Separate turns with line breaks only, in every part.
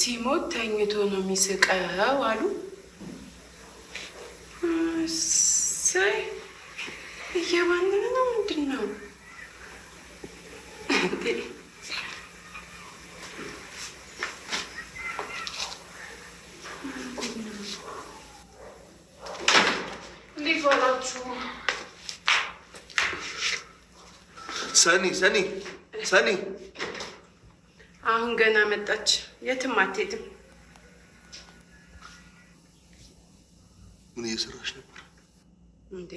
ሲሞት ተኝቶ ነው የሚስቀው አሉ። ሳይ እየባንን ነው ምንድን ነው
ሰኒ ሰኒ ሰኒ
አሁን ገና መጣች። የትም አትሄድም።
ምን እየሰራች ነበር
እንዴ?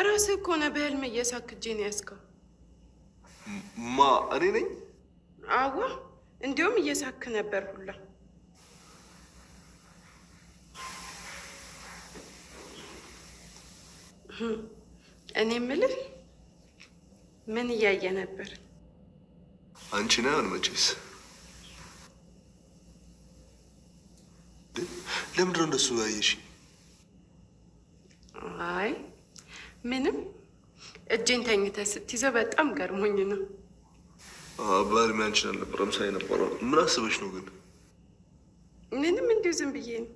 እራስህ እኮ ነህ በህልም እየሳክጄ ነው ያስከው።
ማ እኔ ነኝ?
አዋ እንዲሁም እየሳክ ነበር ሁላ እኔ የምልህ ምን እያየ ነበር?
አንቺ ነህ መቼስ ለምንድነው እንደሱ ያየሽ?
አይ ምንም፣ እጄን ተኝተህ ስትይዘው በጣም ገርሞኝ ነው።
ባል አንቺን አልነበረም ሳይ ነበረ። ምን አስበሽ ነው ግን?
ምንም፣ እንዲሁ ዝም ብዬ ነው።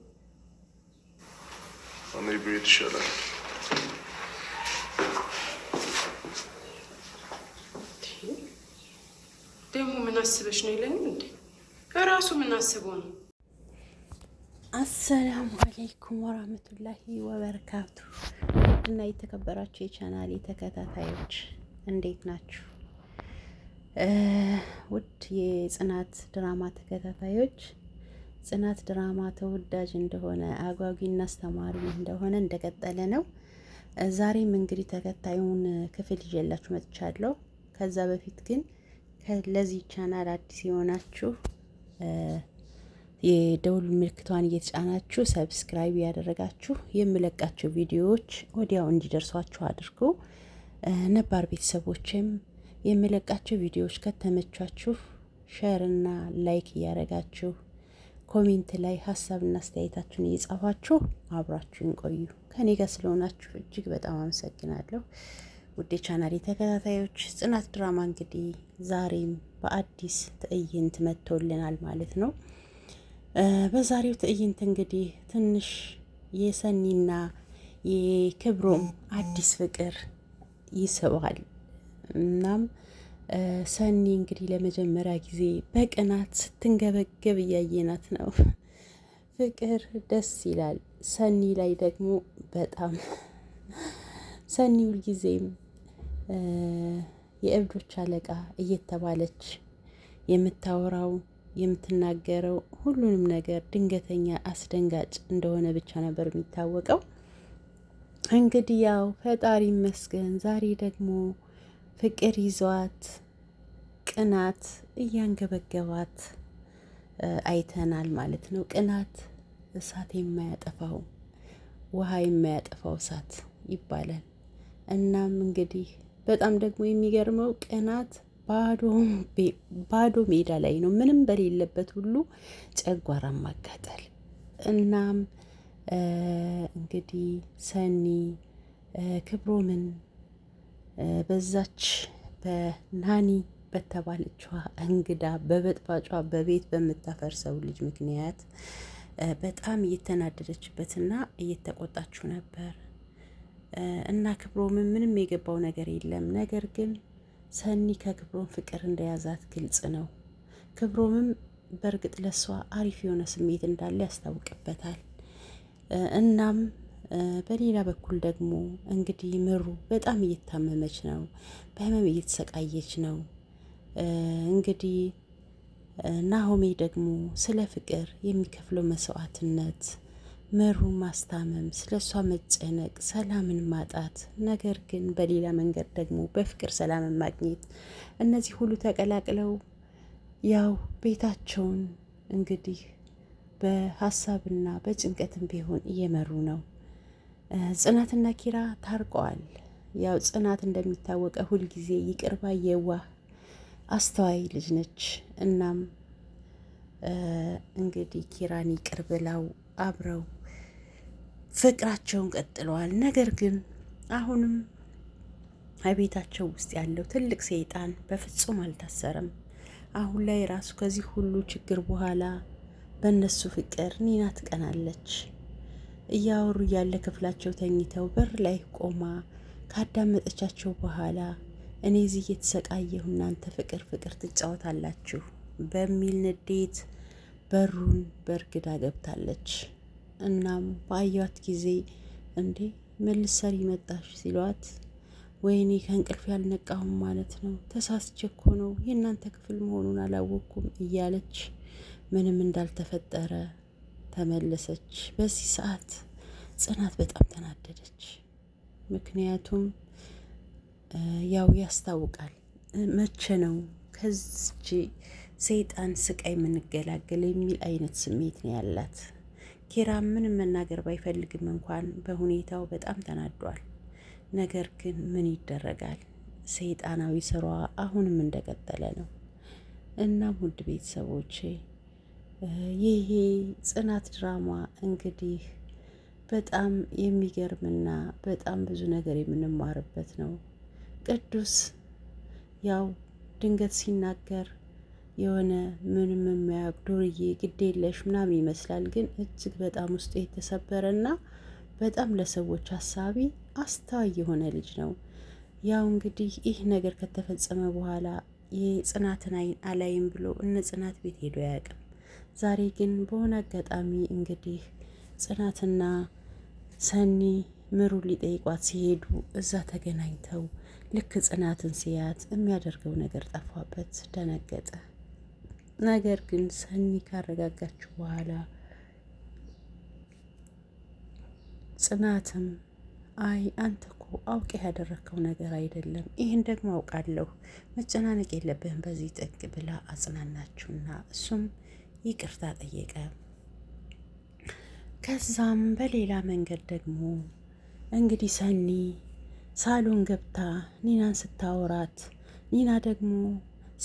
እኔ ቤት ይሻላል።
ደግሞ ምን አስበሽ ነው ይለኝ እንዴ? እራሱ ምን አስበው ነው
አሰላሙ አለይኩም ወራህመቱላሂ ወበረካቱ እና የተከበራችሁ የቻናሌ ተከታታዮች እንዴት ናችሁ? ውድ የጽናት ድራማ ተከታታዮች ጽናት ድራማ ተወዳጅ እንደሆነ አጓጊና አስተማሪ እንደሆነ እንደቀጠለ ነው። ዛሬም እንግዲህ ተከታዩን ክፍል ይዤላችሁ መጥቻለሁ። ከዛ በፊት ግን ለዚህ ቻናል አዲስ የሆናችሁ የደውል ምልክቷን እየተጫናችሁ ሰብስክራይብ ያደረጋችሁ የምለቃቸው ቪዲዮዎች ወዲያው እንዲደርሷችሁ አድርጉ። ነባር ቤተሰቦችም የምለቃቸው ቪዲዮዎች ከተመቿችሁ ሸርና ላይክ እያደረጋችሁ ኮሜንት ላይ ሀሳብና አስተያየታችሁን እየጻፋችሁ አብራችሁን ቆዩ። ከኔ ጋር ስለሆናችሁ እጅግ በጣም አመሰግናለሁ። ውዴ ቻናሌ ተከታታዮች ጽናት ድራማ እንግዲህ ዛሬም በአዲስ ትዕይንት መጥቶልናል ማለት ነው። በዛሬው ትዕይንት እንግዲህ ትንሽ የሰኒና የክብሮም አዲስ ፍቅር ይስባል። እናም ሰኒ እንግዲህ ለመጀመሪያ ጊዜ በቅናት ስትንገበገብ እያየናት ነው። ፍቅር ደስ ይላል። ሰኒ ላይ ደግሞ በጣም ሰኒ ሁልጊዜም የእብዶች አለቃ እየተባለች የምታወራው የምትናገረው ሁሉንም ነገር ድንገተኛ አስደንጋጭ እንደሆነ ብቻ ነበር የሚታወቀው። እንግዲህ ያው ፈጣሪ ይመስገን ዛሬ ደግሞ ፍቅር ይዟት ቅናት እያንገበገባት አይተናል ማለት ነው። ቅናት እሳት የማያጠፋው ውሃ የማያጠፋው እሳት ይባላል። እናም እንግዲህ በጣም ደግሞ የሚገርመው ቅናት ባዶ ሜዳ ላይ ነው፣ ምንም በሌለበት ሁሉ ጨጓራ ማቃጠል። እናም እንግዲህ ሰኒ ክብሮምን በዛች በናኒ በተባለችዋ እንግዳ በበጥባጯ በቤት በምታፈርሰው ልጅ ምክንያት በጣም እየተናደደችበትና እየተቆጣችው ነበር እና ክብሮምን ምንም የገባው ነገር የለም ነገር ግን ሰኒ ከክብሮም ፍቅር እንደያዛት ግልጽ ነው። ክብሮምም በእርግጥ ለእሷ አሪፍ የሆነ ስሜት እንዳለ ያስታውቅበታል። እናም በሌላ በኩል ደግሞ እንግዲህ ምሩ በጣም እየታመመች ነው፣ በህመም እየተሰቃየች ነው። እንግዲህ ናሆሜ ደግሞ ስለ ፍቅር የሚከፍለው መስዋዕትነት መሩን ማስታመም፣ ስለሷ መጨነቅ፣ ሰላምን ማጣት፣ ነገር ግን በሌላ መንገድ ደግሞ በፍቅር ሰላምን ማግኘት፣ እነዚህ ሁሉ ተቀላቅለው ያው ቤታቸውን እንግዲህ በሀሳብና በጭንቀትም ቢሆን እየመሩ ነው። ጽናትና ኪራ ታርቀዋል። ያው ጽናት እንደሚታወቀ ሁልጊዜ ይቅርባ የዋህ አስተዋይ ልጅ ነች። እናም እንግዲህ ኪራን ይቅር ብላው አብረው ፍቅራቸውን ቀጥለዋል። ነገር ግን አሁንም ቤታቸው ውስጥ ያለው ትልቅ ሰይጣን በፍጹም አልታሰረም። አሁን ላይ ራሱ ከዚህ ሁሉ ችግር በኋላ በእነሱ ፍቅር ኒና ትቀናለች። እያወሩ ያለ ክፍላቸው ተኝተው በር ላይ ቆማ ካዳመጠቻቸው በኋላ እኔ እዚህ እየተሰቃየሁ እናንተ ፍቅር ፍቅር ትጫወታላችሁ በሚል ንዴት በሩን በእርግዳ ገብታለች። እናም ባያት ጊዜ እንዴ መልሰር ይመጣሽ ሲሏት ወይኔ ከእንቅልፍ ያልነቃሁም ማለት ነው፣ ተሳስቼ እኮ ነው የእናንተ ክፍል መሆኑን አላወቅኩም እያለች ምንም እንዳልተፈጠረ ተመለሰች። በዚህ ሰዓት ጽናት በጣም ተናደደች። ምክንያቱም ያው ያስታውቃል። መቼ ነው ከዚህ ሰይጣን ስቃይ የምንገላገል የሚል አይነት ስሜት ነው ያላት። ኪራ ምንም መናገር ባይፈልግም እንኳን በሁኔታው በጣም ተናዷል። ነገር ግን ምን ይደረጋል፣ ሰይጣናዊ ስሯ አሁንም እንደቀጠለ ነው። እናም ውድ ቤተሰቦቼ ይሄ ጽናት ድራማ እንግዲህ በጣም የሚገርምና በጣም ብዙ ነገር የምንማርበት ነው። ቅዱስ ያው ድንገት ሲናገር የሆነ ምንም የማያውቅ ዱርዬ ግዴለሽ ምናምን ይመስላል። ግን እጅግ በጣም ውስጡ የተሰበረ እና በጣም ለሰዎች አሳቢ አስተዋይ የሆነ ልጅ ነው። ያው እንግዲህ ይህ ነገር ከተፈጸመ በኋላ የጽናትን አላይም ብሎ እነ ጽናት ቤት ሄዶ አያውቅም። ዛሬ ግን በሆነ አጋጣሚ እንግዲህ ጽናትና ሰኒ ምሩ ሊጠይቋት ሲሄዱ እዛ ተገናኝተው ልክ ጽናትን ሲያት የሚያደርገው ነገር ጠፋበት፣ ደነገጠ። ነገር ግን ሰኒ ካረጋጋች በኋላ ጽናትም አይ አንተ እኮ አውቄ ያደረግከው ነገር አይደለም፣ ይህን ደግሞ አውቃለሁ፣ መጨናነቅ የለብህም በዚህ ጥግ ብላ አጽናናችሁና እሱም ይቅርታ ጠየቀ። ከዛም በሌላ መንገድ ደግሞ እንግዲህ ሰኒ ሳሎን ገብታ ኒናን ስታወራት ኒና ደግሞ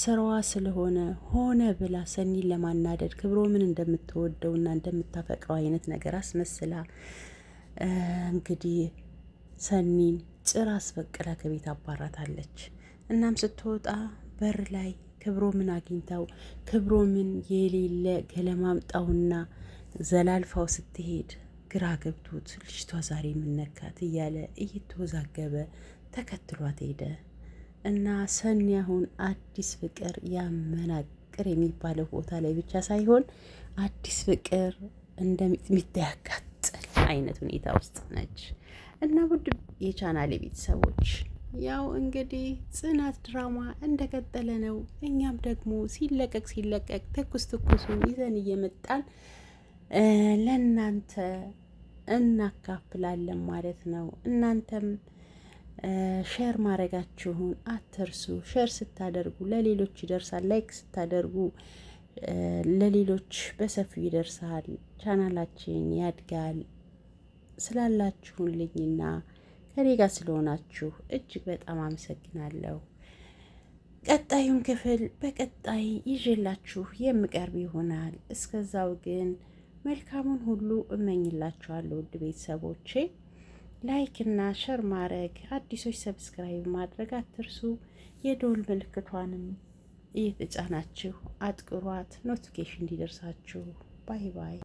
ስራዋ ስለሆነ ሆነ ብላ ሰኒን ለማናደድ ክብሮ ምን እንደምትወደው እና እንደምታፈቅረው አይነት ነገር አስመስላ እንግዲህ ሰኒን ጭር አስፈቅላ ከቤት አባራታለች። እናም ስትወጣ በር ላይ ክብሮ ምን አግኝተው ክብሮ ምን የሌለ ገለማምጣውና ዘላልፋው ስትሄድ ግራ ገብቶት ልጅቷ ዛሬ የምነካት እያለ እየተወዛገበ ተከትሏት ሄደ። እና ሰኒ አሁን አዲስ ፍቅር ያመናቅር የሚባለው ቦታ ላይ ብቻ ሳይሆን አዲስ ፍቅር እንደሚጥሚጣ ያቃጥል አይነት ሁኔታ ውስጥ ነች። እና ውድ የቻናል ቤተሰቦች ያው እንግዲህ ጽናት ድራማ እንደቀጠለ ነው። እኛም ደግሞ ሲለቀቅ ሲለቀቅ ትኩስ ትኩሱ ይዘን እየመጣን ለእናንተ እናካፍላለን ማለት ነው እናንተም ሼር ማድረጋችሁን አትርሱ። ሼር ስታደርጉ ለሌሎች ይደርሳል። ላይክ ስታደርጉ ለሌሎች በሰፊው ይደርሳል። ቻናላችን ያድጋል። ልኝና ከኔ ጋር ስለሆናችሁ እጅግ በጣም አመሰግናለሁ። ቀጣዩን ክፍል በቀጣይ ይዤላችሁ የምቀርብ ይሆናል። እስከዛው ግን መልካሙን ሁሉ እመኝላችኋለሁ ውድ ቤተሰቦቼ። ላይክ እና ሸር ማድረግ አዲሶች ሰብስክራይብ ማድረግ አትርሱ። የደወል ምልክቷንም እየተጫናችሁ አጥቅሯት ኖቲፊኬሽን እንዲደርሳችሁ። ባይ ባይ።